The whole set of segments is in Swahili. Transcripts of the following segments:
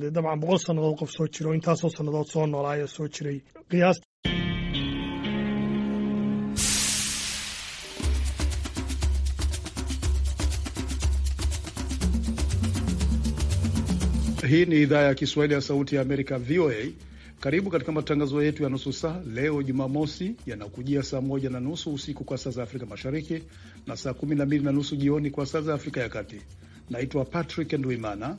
dabcan boqol sannadood qof soo jiro intaasoo sannadood soo ayaa soo jiray qiyaas Hii ni idhaa ya Kiswahili ya Sauti ya Amerika, VOA. Karibu katika matangazo yetu ya nusu saa leo Jumamosi, yanakujia saa moja na nusu usiku kwa saa za Afrika Mashariki na saa kumi na mbili na nusu jioni kwa saa za Afrika ya Kati. Naitwa Patrick Ndwimana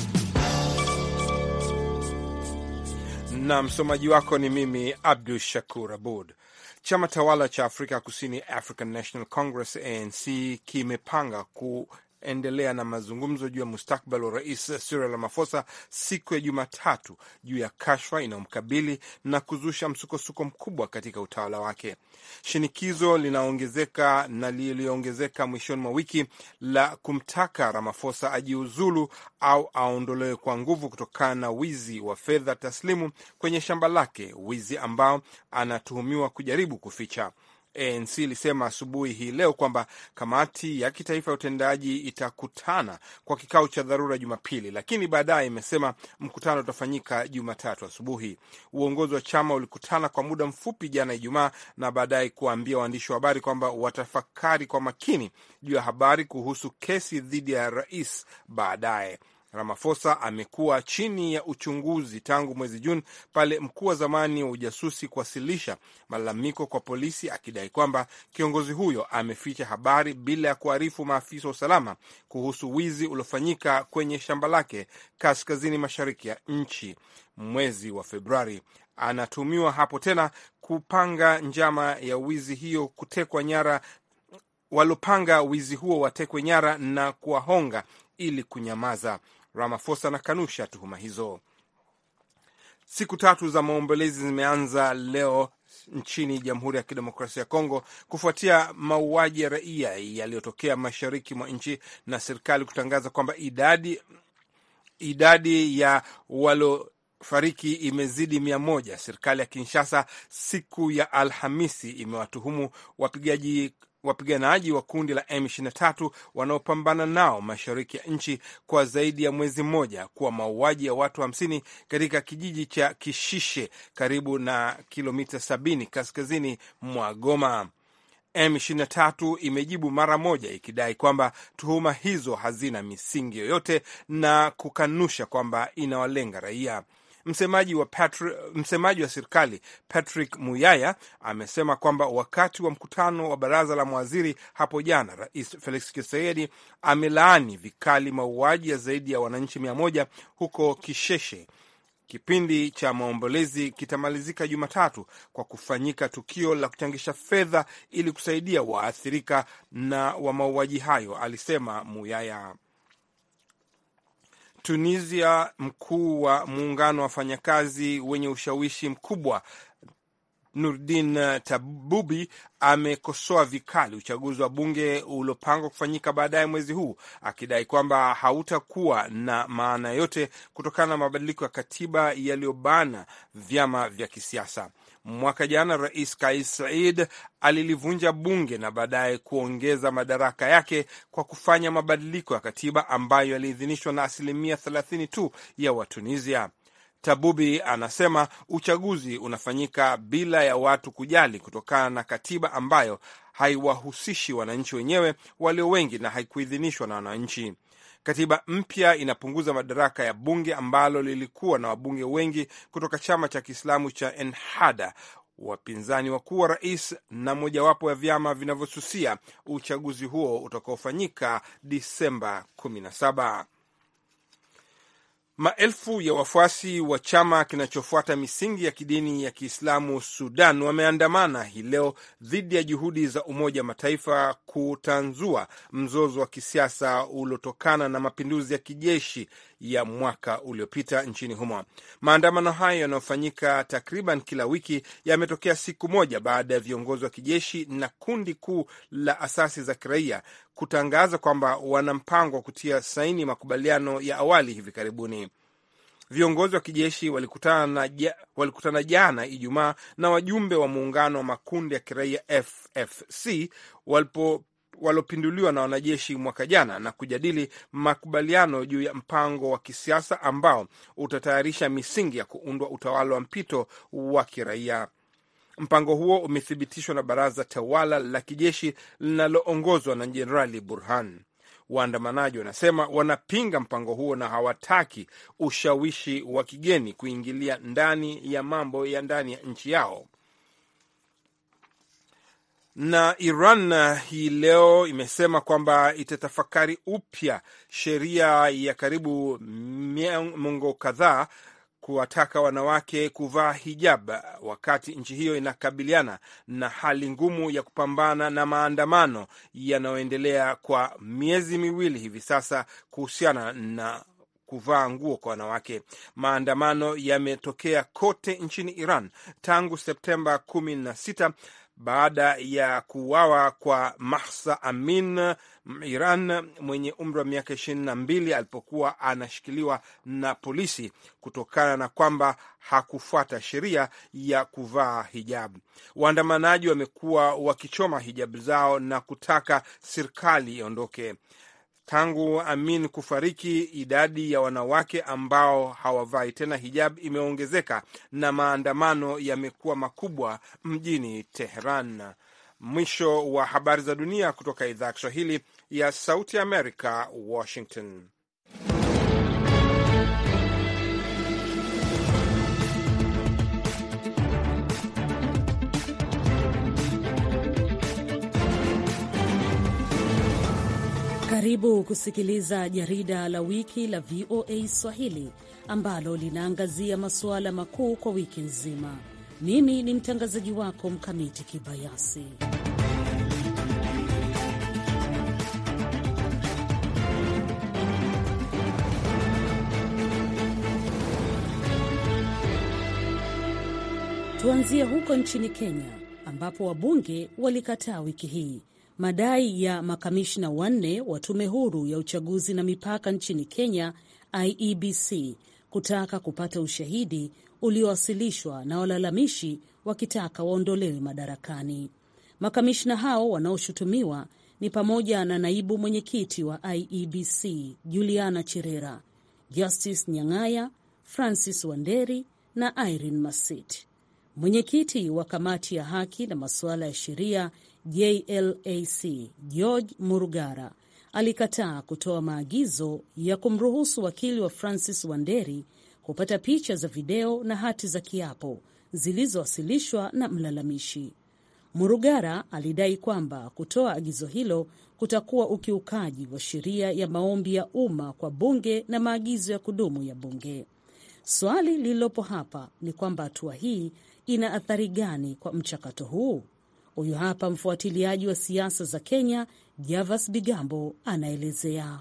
na msomaji wako ni mimi Abdu Shakur Abud. Chama tawala cha Afrika Kusini, African National Congress, ANC, kimepanga ku endelea na mazungumzo juu ya mustakbal wa rais Cyril Ramaphosa siku ya Jumatatu juu ya kashfa inayomkabili na kuzusha msukosuko mkubwa katika utawala wake. Shinikizo linaongezeka na liliongezeka mwishoni mwa wiki la kumtaka Ramaphosa ajiuzulu au aondolewe kwa nguvu kutokana na wizi wa fedha taslimu kwenye shamba lake, wizi ambao anatuhumiwa kujaribu kuficha. ANC ilisema asubuhi hii leo kwamba kamati ya kitaifa ya utendaji itakutana kwa kikao cha dharura Jumapili, lakini baadaye imesema mkutano utafanyika Jumatatu asubuhi. Uongozi wa chama ulikutana kwa muda mfupi jana Ijumaa na baadaye kuwaambia waandishi wa habari kwamba watafakari kwa makini juu ya habari kuhusu kesi dhidi ya rais baadaye ramafosa amekuwa chini ya uchunguzi tangu mwezi Juni pale mkuu wa zamani wa ujasusi kuwasilisha malalamiko kwa polisi akidai kwamba kiongozi huyo ameficha habari bila ya kuarifu maafisa wa usalama kuhusu wizi uliofanyika kwenye shamba lake kaskazini mashariki ya nchi mwezi wa Februari. Anatumiwa hapo tena kupanga njama ya wizi hiyo kutekwa nyara waliopanga wizi huo watekwe nyara na kuwahonga ili kunyamaza. Ramaphosa anakanusha tuhuma hizo. Siku tatu za maombolezi zimeanza leo nchini Jamhuri ya Kidemokrasia ya Kongo kufuatia mauaji ya raia yaliyotokea mashariki mwa nchi na serikali kutangaza kwamba idadi, idadi ya waliofariki imezidi mia moja. Serikali ya Kinshasa siku ya Alhamisi imewatuhumu wapigaji wapiganaji wa kundi la M23 wanaopambana nao mashariki ya nchi kwa zaidi ya mwezi mmoja kuwa mauaji ya watu 50 wa katika kijiji cha Kishishe karibu na kilomita 70 kaskazini mwa Goma. M23 imejibu mara moja ikidai kwamba tuhuma hizo hazina misingi yoyote na kukanusha kwamba inawalenga raia. Msemaji wa, msemaji wa serikali Patrick Muyaya amesema kwamba wakati wa mkutano wa baraza la mawaziri hapo jana, Rais Felix Tshisekedi amelaani vikali mauaji ya zaidi ya wananchi mia moja huko Kisheshe. Kipindi cha maombolezi kitamalizika Jumatatu kwa kufanyika tukio la kuchangisha fedha ili kusaidia waathirika na wa mauaji hayo, alisema Muyaya. Tunisia, mkuu wa muungano wa wafanyakazi wenye ushawishi mkubwa Nurdin Tabubi amekosoa vikali uchaguzi wa bunge uliopangwa kufanyika baadaye mwezi huu akidai kwamba hautakuwa na maana yote kutokana na mabadiliko ya katiba yaliyobana vyama vya kisiasa. Mwaka jana Rais Kais Saied alilivunja bunge na baadaye kuongeza madaraka yake kwa kufanya mabadiliko ya katiba ambayo yaliidhinishwa na asilimia 30 tu ya Watunisia. Tabubi anasema uchaguzi unafanyika bila ya watu kujali kutokana na katiba ambayo haiwahusishi wananchi wenyewe walio wengi na haikuidhinishwa na wananchi. Katiba mpya inapunguza madaraka ya bunge ambalo lilikuwa na wabunge wengi kutoka chama cha Kiislamu cha Ennahda, wapinzani wakuu wa rais na mojawapo ya vyama vinavyosusia uchaguzi huo utakaofanyika Disemba 17. Maelfu ya wafuasi wa chama kinachofuata misingi ya kidini ya Kiislamu Sudan wameandamana hii leo dhidi ya juhudi za Umoja wa Mataifa kutanzua mzozo wa kisiasa uliotokana na mapinduzi ya kijeshi ya mwaka uliopita nchini humo. Maandamano hayo yanayofanyika takriban kila wiki yametokea siku moja baada ya viongozi wa kijeshi na kundi kuu la asasi za kiraia kutangaza kwamba wana mpango wa kutia saini makubaliano ya awali hivi karibuni. Viongozi wa kijeshi walikutana, walikutana jana Ijumaa na wajumbe wa muungano wa makundi ya kiraia FFC walipo walopinduliwa na wanajeshi mwaka jana na kujadili makubaliano juu ya mpango wa kisiasa ambao utatayarisha misingi ya kuundwa utawala wa mpito wa kiraia. Mpango huo umethibitishwa na baraza tawala la kijeshi linaloongozwa na Jenerali Burhan. Waandamanaji wanasema wanapinga mpango huo na hawataki ushawishi wa kigeni kuingilia ndani ya mambo ya ndani ya nchi yao. Na Iran hii leo imesema kwamba itatafakari upya sheria ya karibu miongo kadhaa kuwataka wanawake kuvaa hijab wakati nchi hiyo inakabiliana na hali ngumu ya kupambana na maandamano yanayoendelea kwa miezi miwili hivi sasa kuhusiana na kuvaa nguo kwa wanawake. Maandamano yametokea kote nchini Iran tangu Septemba sita baada ya kuuawa kwa Mahsa Amin Iran mwenye umri wa miaka ishirini na mbili alipokuwa anashikiliwa na polisi kutokana na kwamba hakufuata sheria ya kuvaa hijabu. Waandamanaji wamekuwa wakichoma hijabu zao na kutaka serikali iondoke. Tangu Amin kufariki, idadi ya wanawake ambao hawavai tena hijab imeongezeka na maandamano yamekuwa makubwa mjini Teheran. Mwisho wa habari za dunia kutoka idhaa ya Kiswahili ya Sauti Amerika, Washington. Karibu kusikiliza jarida la wiki la VOA Swahili ambalo linaangazia masuala makuu kwa wiki nzima. Mimi ni mtangazaji wako Mkamiti Kibayasi. Tuanzie huko nchini Kenya ambapo wabunge walikataa wiki hii madai ya makamishna wanne wa tume huru ya uchaguzi na mipaka nchini Kenya IEBC kutaka kupata ushahidi uliowasilishwa na walalamishi wakitaka waondolewe madarakani. Makamishna hao wanaoshutumiwa ni pamoja na naibu mwenyekiti wa IEBC Juliana Cherera, Justice Nyang'aya, Francis Wanderi na Irene Masit. Mwenyekiti wa kamati ya haki na masuala ya sheria JLAC George Murugara alikataa kutoa maagizo ya kumruhusu wakili wa Francis Wanderi kupata picha za video na hati za kiapo zilizowasilishwa na mlalamishi. Murugara alidai kwamba kutoa agizo hilo kutakuwa ukiukaji wa sheria ya maombi ya umma kwa bunge na maagizo ya kudumu ya bunge. Swali lililopo hapa ni kwamba hatua hii ina athari gani kwa mchakato huu? Huyu hapa mfuatiliaji wa siasa za Kenya, Javas Bigambo, anaelezea.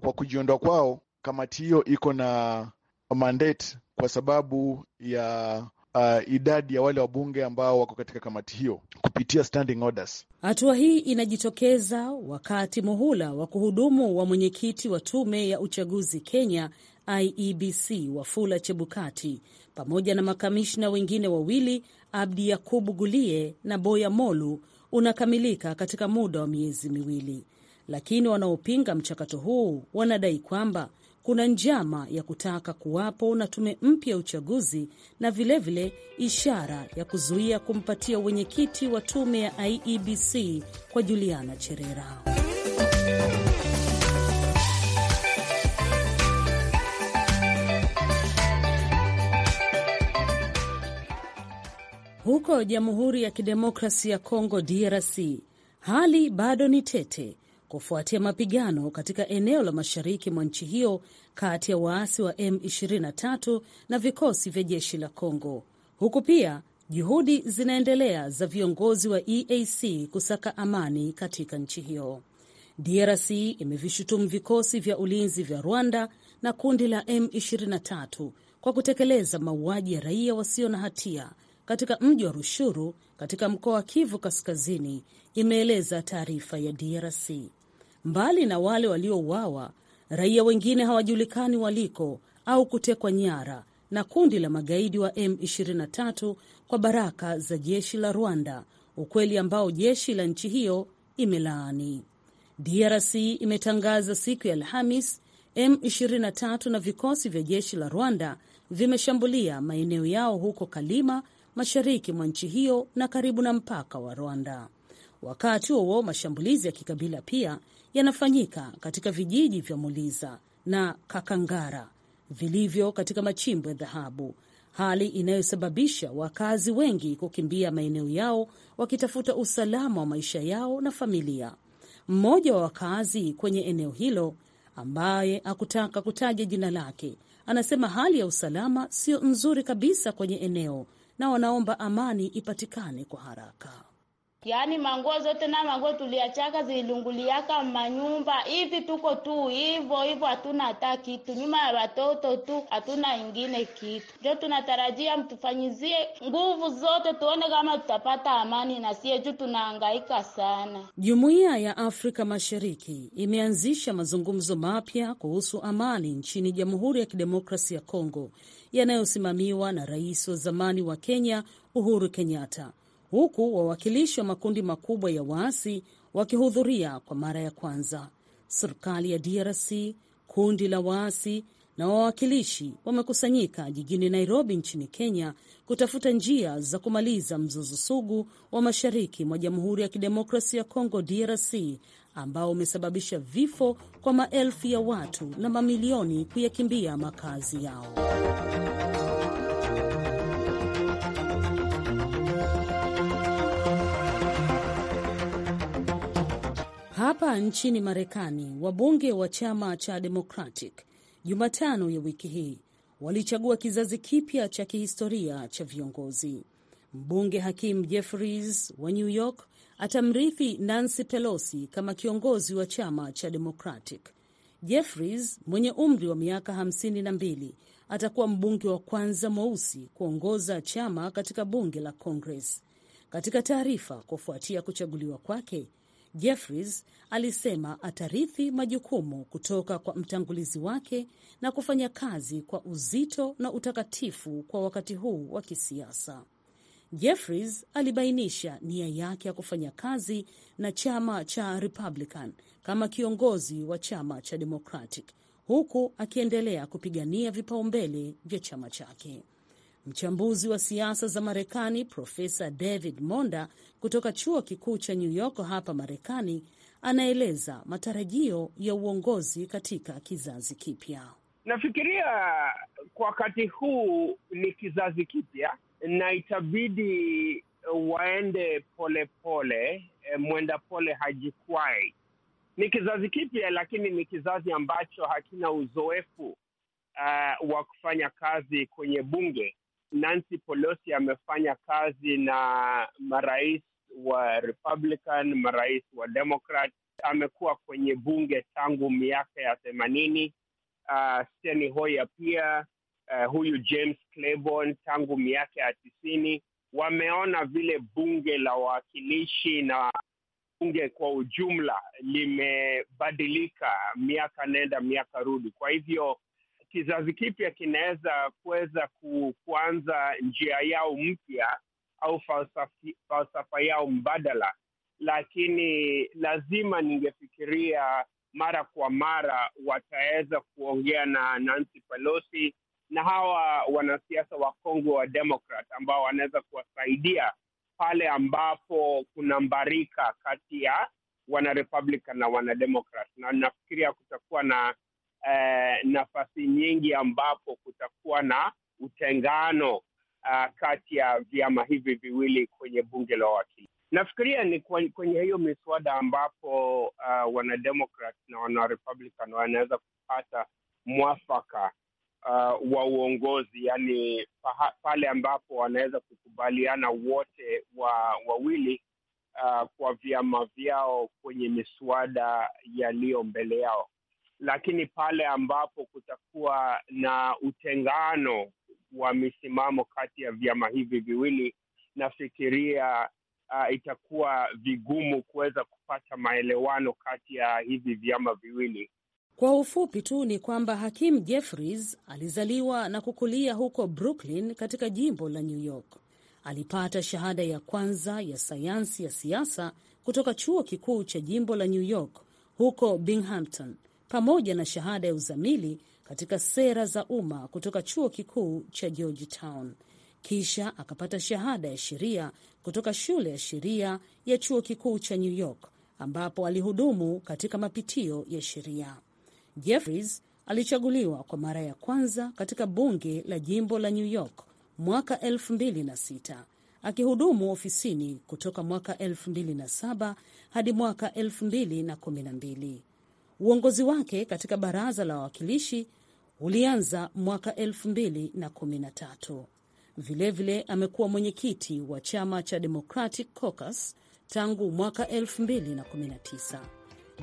Kwa kujiondoa kwao, kamati hiyo iko na mandate kwa sababu ya Uh, idadi ya wale wabunge ambao wako katika kamati hiyo kupitia standing orders. Hatua hii inajitokeza wakati muhula wa kuhudumu wa mwenyekiti wa tume ya uchaguzi Kenya IEBC Wafula Chebukati pamoja na makamishna wengine wawili Abdi Yakubu Gulie na Boya Molu unakamilika katika muda wa miezi miwili, lakini wanaopinga mchakato huu wanadai kwamba kuna njama ya kutaka kuwapo na tume mpya ya uchaguzi na vilevile vile ishara ya kuzuia kumpatia wenyekiti wa tume ya IEBC kwa Juliana Cherera. Huko Jamhuri ya Kidemokrasi ya Kongo, DRC, hali bado ni tete kufuatia mapigano katika eneo la mashariki mwa nchi hiyo kati ya waasi wa M23 na vikosi vya jeshi la Kongo, huku pia juhudi zinaendelea za viongozi wa EAC kusaka amani katika nchi hiyo. DRC imevishutumu vikosi vya ulinzi vya Rwanda na kundi la M23 kwa kutekeleza mauaji ya raia wasio na hatia katika mji wa Rushuru katika mkoa wa Kivu Kaskazini, imeeleza taarifa ya DRC. Mbali na wale waliouawa, raia wengine hawajulikani waliko au kutekwa nyara na kundi la magaidi wa M23 kwa baraka za jeshi la Rwanda, ukweli ambao jeshi la nchi hiyo imelaani. DRC imetangaza siku ya Alhamis M23 na vikosi vya jeshi la Rwanda vimeshambulia maeneo yao huko Kalima mashariki mwa nchi hiyo na karibu na mpaka wa Rwanda. Wakati huo mashambulizi ya kikabila pia yanafanyika katika vijiji vya Muliza na Kakangara vilivyo katika machimbo ya dhahabu, hali inayosababisha wakazi wengi kukimbia maeneo yao wakitafuta usalama wa maisha yao na familia. Mmoja wa wakazi kwenye eneo hilo ambaye hakutaka kutaja jina lake anasema hali ya usalama sio nzuri kabisa kwenye eneo na wanaomba amani ipatikane kwa haraka. Yaani manguo zote na manguo tuliachaka zilunguliaka manyumba hivi, tuko tu hivyo hivyo, hatuna hata kitu nyuma ya watoto tu, hatuna ingine kitu. Ndio tunatarajia mtufanyizie nguvu zote, tuone kama tutapata amani, na sie juu tunahangaika sana. Jumuiya ya Afrika Mashariki imeanzisha mazungumzo mapya kuhusu amani nchini Jamhuri ya Kidemokrasi ya Kongo yanayosimamiwa na rais wa zamani wa Kenya Uhuru Kenyatta, huku wawakilishi wa makundi makubwa ya waasi wakihudhuria kwa mara ya kwanza. Serikali ya DRC, kundi la waasi na wawakilishi wamekusanyika jijini Nairobi nchini Kenya kutafuta njia za kumaliza mzozo sugu wa mashariki mwa Jamhuri ya Kidemokrasia ya Kongo DRC ambao umesababisha vifo kwa maelfu ya watu na mamilioni kuyakimbia makazi yao. Hapa nchini Marekani, wabunge wa chama cha Democratic Jumatano ya wiki hii walichagua kizazi kipya cha kihistoria cha viongozi. Mbunge Hakim Jeffries wa New York atamrithi Nancy Pelosi kama kiongozi wa chama cha Democratic. Jeffries mwenye umri wa miaka hamsini na mbili atakuwa mbunge wa kwanza mweusi kuongoza chama katika bunge la Congress. Katika taarifa kufuatia kuchaguliwa kwake, Jeffries alisema atarithi majukumu kutoka kwa mtangulizi wake na kufanya kazi kwa uzito na utakatifu kwa wakati huu wa kisiasa. Jeffries alibainisha nia yake ya kufanya kazi na chama cha Republican kama kiongozi wa chama cha Democratic huku akiendelea kupigania vipaumbele vya chama chake. Mchambuzi wa siasa za Marekani Profesa David Monda kutoka chuo kikuu cha New York hapa Marekani anaeleza matarajio ya uongozi katika kizazi kipya. Nafikiria kwa wakati huu ni kizazi kipya na itabidi waende polepole pole, eh, mwenda pole hajikwai. Ni kizazi kipya, lakini ni kizazi ambacho hakina uzoefu uh, wa kufanya kazi kwenye bunge. Nancy Pelosi amefanya kazi na marais wa Republican, marais wa Democrat. Amekuwa kwenye bunge tangu miaka ya themanini. Uh, Steny Hoyer pia uh, huyu James Claiborne tangu miaka ya tisini, wameona vile bunge la wawakilishi na bunge kwa ujumla limebadilika miaka nenda miaka rudi. Kwa hivyo kizazi kipya kinaweza kuweza ku, kuanza njia yao mpya au falsafi, falsafa yao mbadala, lakini lazima ningefikiria mara kwa mara wataweza kuongea na Nancy Pelosi na hawa wanasiasa wakongwe wa demokrat ambao wanaweza kuwasaidia pale ambapo kuna mbarika kati ya wanarepublican na wanademokrat, na nafikiria kutakuwa na eh, nafasi nyingi ambapo kutakuwa na utengano uh, kati ya vyama hivi viwili kwenye bunge la wakili Nafikiria ni kwenye hiyo miswada ambapo uh, ah, wanademokrat na wanarepublican wanaweza kupata mwafaka uh, wa uongozi, yani pale ambapo wanaweza kukubaliana wote wa wawili uh, kwa vyama vyao kwenye miswada yaliyo mbele yao, lakini pale ambapo kutakuwa na utengano wa misimamo kati ya vyama hivi viwili, nafikiria uh, itakuwa vigumu kuweza kupata maelewano kati ya hivi vyama viwili kwa ufupi tu ni kwamba Hakim Jeffries alizaliwa na kukulia huko Brooklyn katika jimbo la New York. Alipata shahada ya kwanza ya sayansi ya siasa kutoka chuo kikuu cha jimbo la New York huko Binghamton, pamoja na shahada ya uzamili katika sera za umma kutoka chuo kikuu cha Georgetown. Kisha akapata shahada ya sheria kutoka shule ya sheria ya chuo kikuu cha New York, ambapo alihudumu katika mapitio ya sheria. Jeffries alichaguliwa kwa mara ya kwanza katika bunge la jimbo la New York mwaka 2006 akihudumu ofisini kutoka mwaka 2007 hadi mwaka 2012. Uongozi wake katika baraza la wawakilishi ulianza mwaka 2013. Vilevile amekuwa mwenyekiti wa chama cha Democratic Caucus tangu mwaka 2019.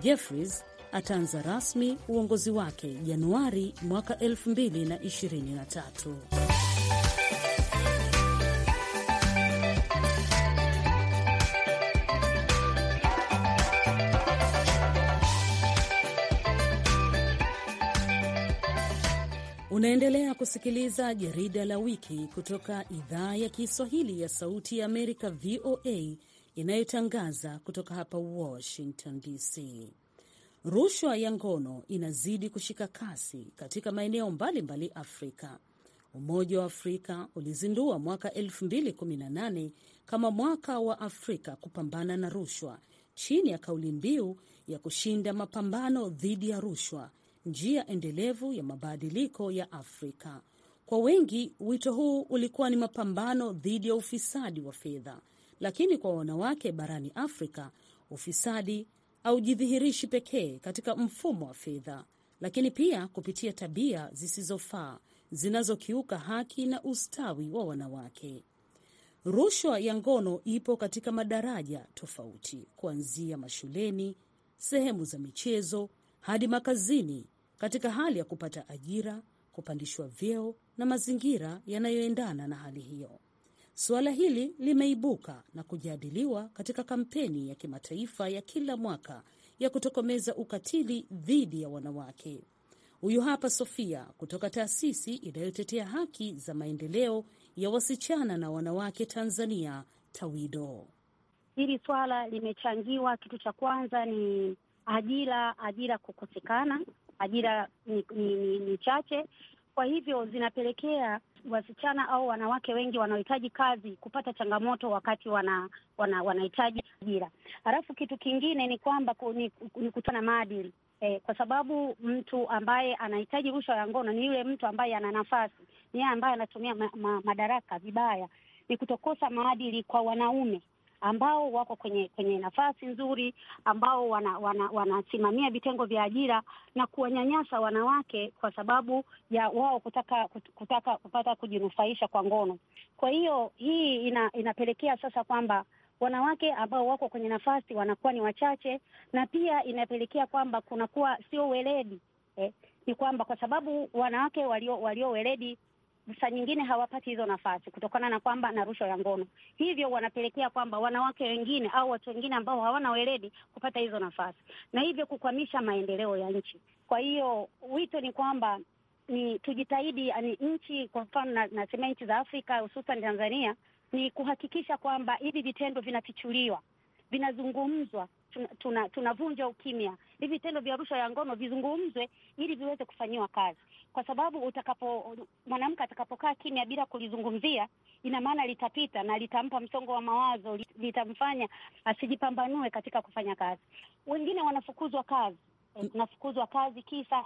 Jeffries ataanza rasmi uongozi wake Januari mwaka 2023. Unaendelea kusikiliza jarida la wiki kutoka idhaa ya Kiswahili ya Sauti ya Amerika, VOA, inayotangaza kutoka hapa Washington DC. Rushwa ya ngono inazidi kushika kasi katika maeneo mbalimbali Afrika. Umoja wa Afrika ulizindua mwaka 2018 kama mwaka wa Afrika kupambana na rushwa chini ya kauli mbiu ya kushinda mapambano dhidi ya rushwa, njia endelevu ya mabadiliko ya Afrika. Kwa wengi, wito huu ulikuwa ni mapambano dhidi ya ufisadi wa fedha, lakini kwa wanawake barani Afrika, ufisadi haujidhihirishi pekee katika mfumo wa fedha, lakini pia kupitia tabia zisizofaa zinazokiuka haki na ustawi wa wanawake. Rushwa ya ngono ipo katika madaraja tofauti, kuanzia mashuleni, sehemu za michezo hadi makazini, katika hali ya kupata ajira, kupandishwa vyeo na mazingira yanayoendana na hali hiyo. Suala hili limeibuka na kujadiliwa katika kampeni ya kimataifa ya kila mwaka ya kutokomeza ukatili dhidi ya wanawake. Huyu hapa Sofia kutoka taasisi inayotetea haki za maendeleo ya wasichana na wanawake Tanzania, TAWIDO. Hili swala limechangiwa, kitu cha kwanza ni ajira, ajira kukosekana, ajira ni, ni, ni, ni chache, kwa hivyo zinapelekea wasichana au wanawake wengi wanaohitaji kazi kupata changamoto wakati wana, wana, wanahitaji ajira. Halafu kitu kingine ni kwamba ni, ni na maadili eh, kwa sababu mtu ambaye anahitaji rushwa ya ngono ni yule mtu ambaye ana nafasi, ni yeye ambaye anatumia ma, ma, madaraka vibaya. Ni kutokosa maadili kwa wanaume ambao wako kwenye kwenye nafasi nzuri, ambao wanasimamia wana, wana vitengo vya ajira na kuwanyanyasa wanawake kwa sababu ya wao kutaka kutaka kupata kujinufaisha kwa ngono. Kwa hiyo hii ina, inapelekea sasa kwamba wanawake ambao wako kwenye nafasi wanakuwa ni wachache, na pia inapelekea kwamba kunakuwa sio weledi eh, ni kwamba kwa sababu wanawake walio walio weledi saa nyingine hawapati hizo nafasi kutokana na kwamba na rushwa ya ngono, hivyo wanapelekea kwamba wanawake wengine au watu wengine ambao hawana weledi kupata hizo nafasi na hivyo kukwamisha maendeleo ya nchi. Kwa hiyo wito ni kwamba ni tujitahidi, ni nchi kwa mfano na, nasema nchi za Afrika hususan Tanzania ni kuhakikisha kwamba hivi vitendo vinafichuliwa, vinazungumzwa, tunavunja tuna, tuna ukimya. Hivi vitendo vya rushwa ya ngono vizungumzwe ili viweze kufanyiwa kazi kwa sababu utakapo mwanamke atakapokaa kimya bila kulizungumzia, ina maana litapita na litampa msongo wa mawazo, litamfanya asijipambanue katika kufanya kazi. Wengine wanafukuzwa kazi nafukuzwa kazi kisa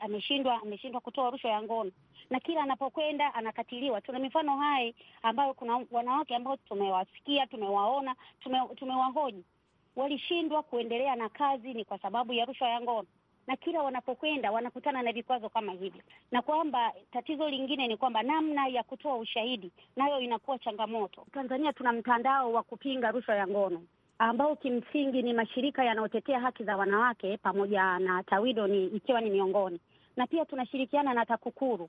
ameshindwa ame, ameshindwa kutoa rushwa ya ngono, na kila anapokwenda anakatiliwa. Tuna mifano hai ambayo kuna wanawake ambao tumewasikia, tumewaona, tumewahoji, walishindwa kuendelea na kazi ni kwa sababu ya rushwa ya ngono na kila wanapokwenda wanakutana na vikwazo kama hivyo, na kwamba tatizo lingine ni kwamba namna ya kutoa ushahidi nayo inakuwa changamoto. Tanzania tuna mtandao wa kupinga rushwa ya ngono ambao kimsingi ni mashirika yanayotetea haki za wanawake pamoja na Tawido ni ikiwa ni miongoni, na pia tunashirikiana na TAKUKURU.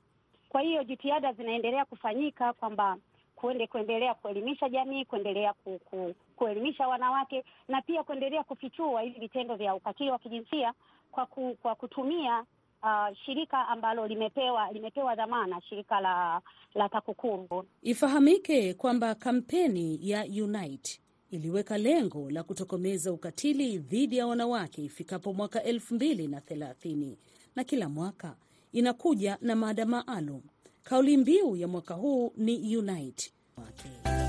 Kwa hiyo jitihada zinaendelea kufanyika kwamba kuende kuendelea kuelimisha jamii, kuendelea ku, ku, kuelimisha wanawake na pia kuendelea kufichua hivi vitendo vya ukatili wa kijinsia kwa, ku, kwa kutumia Uh, shirika ambalo limepewa limepewa dhamana shirika la la TAKUKURU. Ifahamike kwamba kampeni ya Unite iliweka lengo la kutokomeza ukatili dhidi ya wanawake ifikapo mwaka elfu mbili na thelathini na kila mwaka inakuja na mada maalum. Kauli mbiu ya mwaka huu ni Unite. Okay.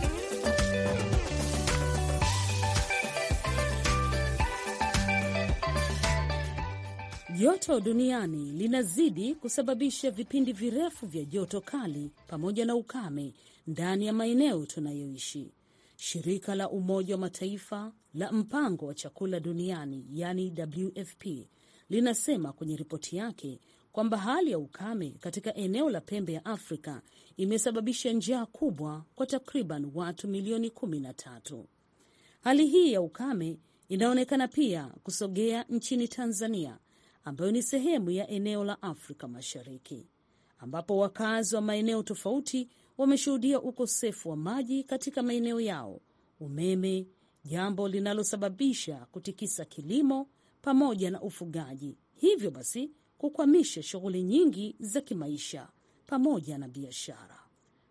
Joto duniani linazidi kusababisha vipindi virefu vya joto kali pamoja na ukame ndani ya maeneo tunayoishi. Shirika la Umoja wa Mataifa la Mpango wa Chakula Duniani, yani WFP, linasema kwenye ripoti yake kwamba hali ya ukame katika eneo la pembe ya Afrika imesababisha njaa kubwa kwa takriban watu milioni 13. Hali hii ya ukame inaonekana pia kusogea nchini Tanzania ambayo ni sehemu ya eneo la Afrika Mashariki, ambapo wakazi wa maeneo tofauti wameshuhudia ukosefu wa maji katika maeneo yao, umeme, jambo linalosababisha kutikisa kilimo pamoja na ufugaji, hivyo basi kukwamisha shughuli nyingi za kimaisha pamoja na biashara.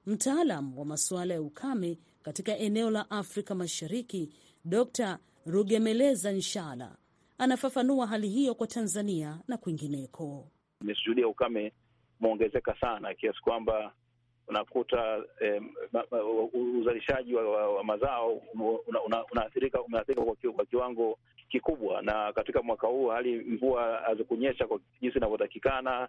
Mtaalam wa masuala ya ukame katika eneo la Afrika Mashariki, Dr Rugemeleza Nshala anafafanua hali hiyo kwa Tanzania na kwingineko. Imeshuhudia ukame umeongezeka sana kiasi kwamba unakuta eh, uzalishaji wa, wa, wa mazao unaathirika una, una kwa kiwango kikubwa. Na katika mwaka huu hali mvua hazikunyesha kwa jinsi inavyotakikana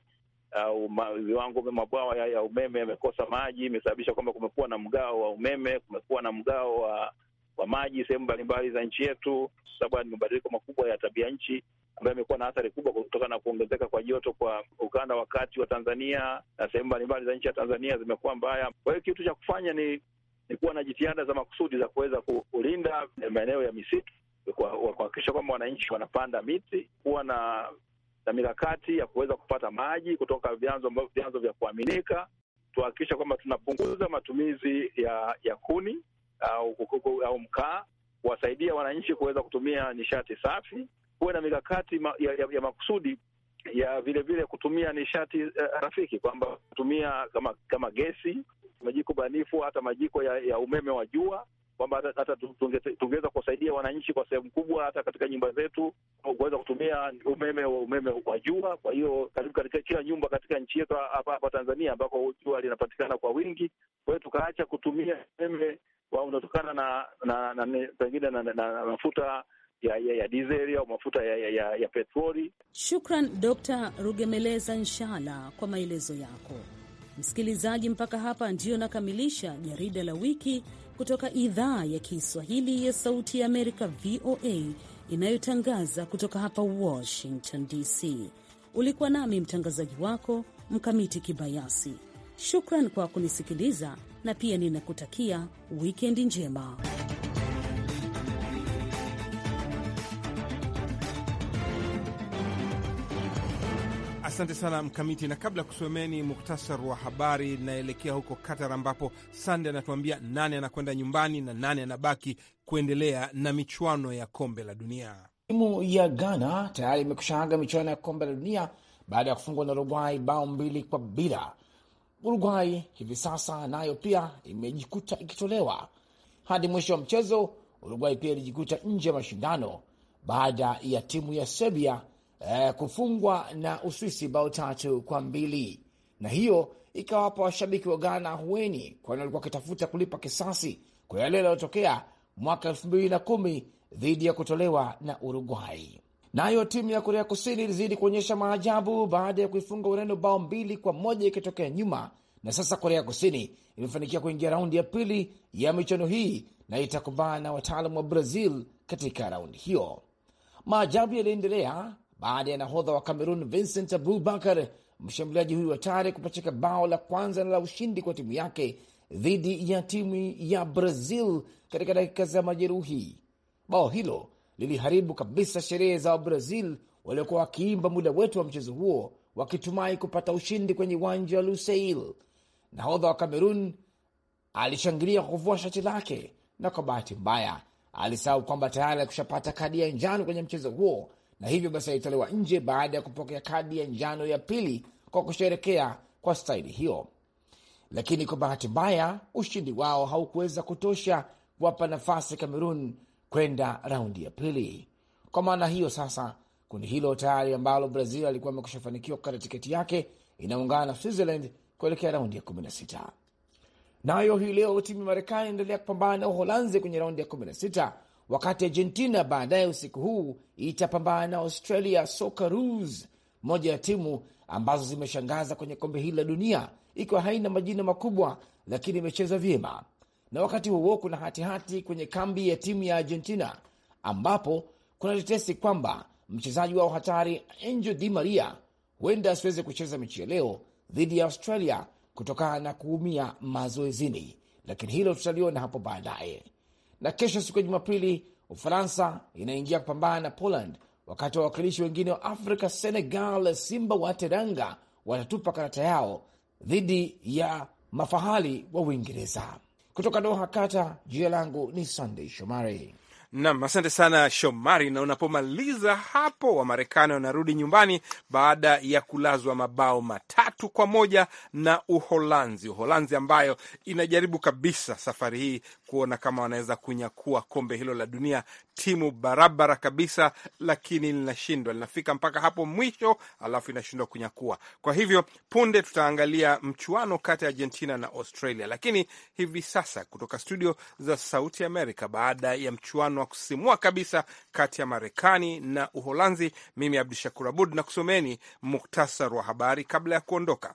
au viwango vya mabwawa ya umeme yamekosa maji, imesababisha kwamba kumekuwa na mgao wa umeme, kumekuwa na mgao wa wa maji sehemu mbalimbali za nchi yetu, sababu ni mabadiliko makubwa ya tabia nchi ambayo imekuwa na athari kubwa kutokana na kuongezeka kwa joto kwa ukanda wa kati wa Tanzania na sehemu mbalimbali za nchi ya Tanzania zimekuwa mbaya. Kwa hiyo kitu cha kufanya ni ni kuwa na jitihada za makusudi za kuweza kulinda maeneo ya misitu, kuhakikisha kwamba wananchi wanapanda miti, kuwa na na mikakati ya kuweza kupata maji kutoka vyanzo ambavyo vyanzo vya kuaminika, tuhakikisha kwamba tunapunguza matumizi ya ya kuni au, au, au mkaa, kuwasaidia wananchi kuweza kutumia nishati safi, kuwe na mikakati ma, ya, ya, ya makusudi ya vile vile kutumia nishati uh, rafiki kwamba kutumia kama kama gesi, majiko banifu, hata majiko ya, ya umeme wa jua kwamba hata tungeweza kuwasaidia wananchi kwa sehemu kubwa, hata katika nyumba zetu kuweza kutumia umeme wa umeme wa jua. Kwa hiyo karibu katika kila nyumba katika nchi yetu hapa hapa Tanzania, ambako jua linapatikana kwa wingi, kwa hiyo tukaacha kutumia umeme wao unatokana na pengine na, na, na, na mafuta ya, ya, ya dizeli au mafuta ya, ya, ya petroli. Shukran Dr. Rugemeleza Nshala kwa maelezo yako. Msikilizaji, mpaka hapa ndiyo nakamilisha jarida la wiki kutoka idhaa ya Kiswahili ya Sauti ya Amerika, VOA, inayotangaza kutoka hapa Washington DC. Ulikuwa nami mtangazaji wako Mkamiti Kibayasi. Shukran kwa kunisikiliza na pia ninakutakia wikendi njema. Asante sana Mkamiti, na kabla ya kusomeni muktasar wa habari, naelekea huko Qatar ambapo Sande anatuambia nani anakwenda nyumbani na nani anabaki kuendelea na michuano ya kombe la dunia. Timu ya Ghana tayari imekushaaga michuano ya kombe la dunia baada ya kufungwa na Uruguay bao mbili kwa bila Uruguay hivi sasa nayo pia imejikuta ikitolewa. Hadi mwisho wa mchezo, Uruguay pia ilijikuta nje ya mashindano baada ya timu ya Serbia eh, kufungwa na Uswisi bao tatu kwa mbili, na hiyo ikawapa washabiki wa Ghana hueni, kwani walikuwa wakitafuta kulipa kisasi kwa yale yaliyotokea mwaka elfu mbili na kumi dhidi ya kutolewa na Uruguay. Nayo timu ya Korea Kusini ilizidi kuonyesha maajabu baada ya kuifunga Ureno bao mbili kwa moja ikitokea nyuma, na sasa Korea Kusini imefanikiwa kuingia raundi ya pili ya michuano hii na itakumbana na wataalamu wa Brazil katika raundi hiyo. Maajabu yaliendelea baada ya nahodha wa Cameroon Vincent Abubakar, mshambuliaji huyu hatari, kupachika bao la kwanza na la ushindi kwa timu yake dhidi ya timu ya Brazil katika dakika za majeruhi. Bao hilo liliharibu kabisa sherehe za Wabrazil waliokuwa wakiimba muda wetu wa mchezo huo wakitumai kupata ushindi kwenye uwanja wa Lusail. Nahodha wa Kamerun alishangilia kwa kuvua shati lake, na kwa bahati mbaya alisahau kwamba tayari alikushapata kadi ya njano kwenye mchezo huo, na hivyo basi alitolewa nje baada ya kupokea kadi ya njano ya pili kwa kusherekea kwa staili hiyo. Lakini kwa bahati mbaya ushindi wao haukuweza kutosha kuwapa nafasi Kamerun kwenda raundi ya pili. Kwa maana hiyo sasa kundi hilo tayari ambalo Brazil alikuwa amekusha fanikiwa kukata tiketi yake inaungana na Switzerland kuelekea raundi ya 16. Nayo hii leo timu ya Marekani inaendelea kupambana na Uholanzi kwenye raundi ya 16, wakati Argentina baadaye usiku huu itapambana na Australia Socceroos, moja ya timu ambazo zimeshangaza kwenye kombe hili la dunia, ikiwa haina majina makubwa, lakini imecheza vyema na wakati huo kuna hatihati hati kwenye kambi ya timu ya Argentina ambapo kuna tetesi kwamba mchezaji wao hatari Angel Di Maria huenda asiweze kucheza mechi ya leo dhidi ya Australia kutokana na kuumia mazoezini, lakini hilo tutaliona hapo baadaye. Na kesho siku ya Jumapili, Ufaransa inaingia kupambana na Poland, wakati wa wawakilishi wengine wa Afrika Senegal, Simba wa Teranga watatupa karata yao dhidi ya mafahali wa Uingereza. Kutoka Doha, Kata, jina langu ni Sandey Shomari. Nam, asante sana Shomari. Na unapomaliza hapo, Wamarekani wanarudi nyumbani baada ya kulazwa mabao matatu kwa moja na Uholanzi. Uholanzi ambayo inajaribu kabisa safari hii kuona kama wanaweza kunyakua kombe hilo la dunia. Timu barabara kabisa, lakini linashindwa, linafika mpaka hapo mwisho, alafu inashindwa kunyakua. Kwa hivyo punde tutaangalia mchuano kati ya Argentina na Australia, lakini hivi sasa kutoka studio za Sauti Amerika, baada ya mchuano wa kusimua kabisa kati ya Marekani na Uholanzi, mimi Abdu Shakur Abud na kusomeni muktasar wa habari kabla ya kuondoka.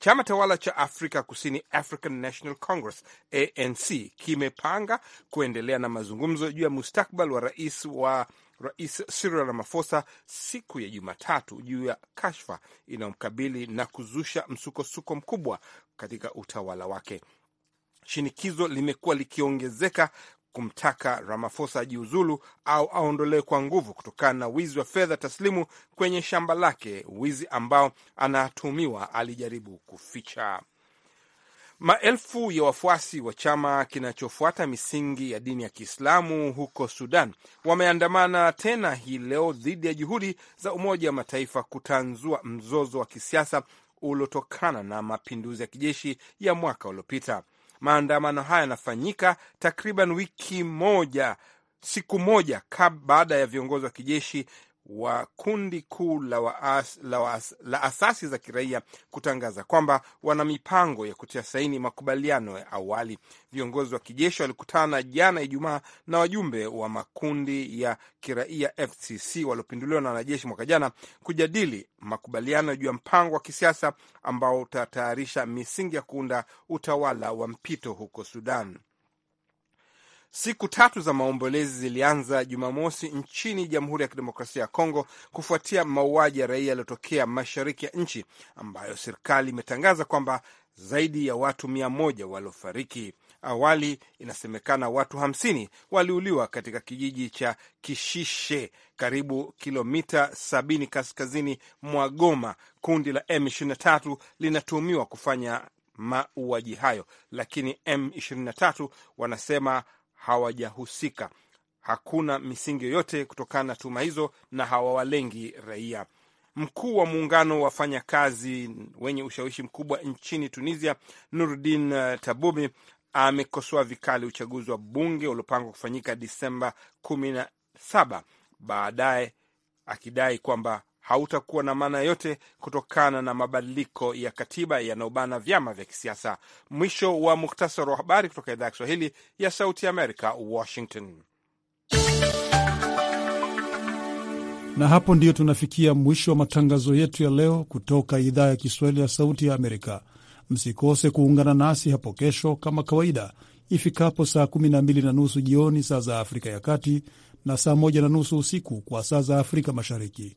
Chama tawala cha Afrika Kusini, African National Congress, ANC, kimepanga kuendelea na mazungumzo juu ya mustakbal wa rais wa Rais Cyril Ramaphosa siku ya Jumatatu juu ya kashfa inayomkabili na kuzusha msukosuko mkubwa katika utawala wake. Shinikizo limekuwa likiongezeka kumtaka Ramaphosa ajiuzulu au aondolewe kwa nguvu kutokana na wizi wa fedha taslimu kwenye shamba lake, wizi ambao anatumiwa alijaribu kuficha. Maelfu ya wafuasi wa chama kinachofuata misingi ya dini ya Kiislamu huko Sudan wameandamana tena hii leo dhidi ya juhudi za Umoja wa Mataifa kutanzua mzozo wa kisiasa uliotokana na mapinduzi ya kijeshi ya mwaka uliopita. Maandamano haya yanafanyika takriban wiki moja siku moja baada ya viongozi wa kijeshi wa kundi kuu la, waas, la, waas, la asasi za kiraia kutangaza kwamba wana mipango ya kutia saini makubaliano ya awali. Viongozi wa kijeshi walikutana jana Ijumaa na wajumbe wa makundi ya kiraia FCC waliopinduliwa na wanajeshi mwaka jana kujadili makubaliano juu ya mpango wa kisiasa ambao utatayarisha misingi ya kuunda utawala wa mpito huko Sudan. Siku tatu za maombolezi zilianza Jumamosi nchini Jamhuri ya Kidemokrasia ya Kongo kufuatia mauaji ya raia yaliyotokea mashariki ya nchi ambayo serikali imetangaza kwamba zaidi ya watu mia moja waliofariki. Awali inasemekana watu hamsini waliuliwa katika kijiji cha Kishishe, karibu kilomita sabini kaskazini mwa Goma. Kundi la M23 linatuhumiwa kufanya mauaji hayo, lakini M23 wanasema hawajahusika. Hakuna misingi yoyote kutokana na tuhuma hizo na hawawalengi raia. Mkuu wa muungano wa wafanyakazi wenye ushawishi mkubwa nchini Tunisia, Nurdin uh, Tabubi, amekosoa vikali uchaguzi wa bunge uliopangwa kufanyika Disemba kumi na saba baadaye akidai kwamba hautakuwa na maana yote kutokana na mabadiliko ya katiba yanayobana vyama vya kisiasa. Mwisho wa muktasari wa habari kutoka idhaa ya Kiswahili ya Sauti ya Amerika, Washington. Na hapo ndiyo tunafikia mwisho wa matangazo yetu ya leo kutoka idhaa ya Kiswahili ya Sauti ya Amerika. Msikose kuungana nasi hapo kesho kama kawaida ifikapo saa 12 na nusu jioni saa za Afrika ya Kati na saa 1 na nusu usiku kwa saa za Afrika Mashariki.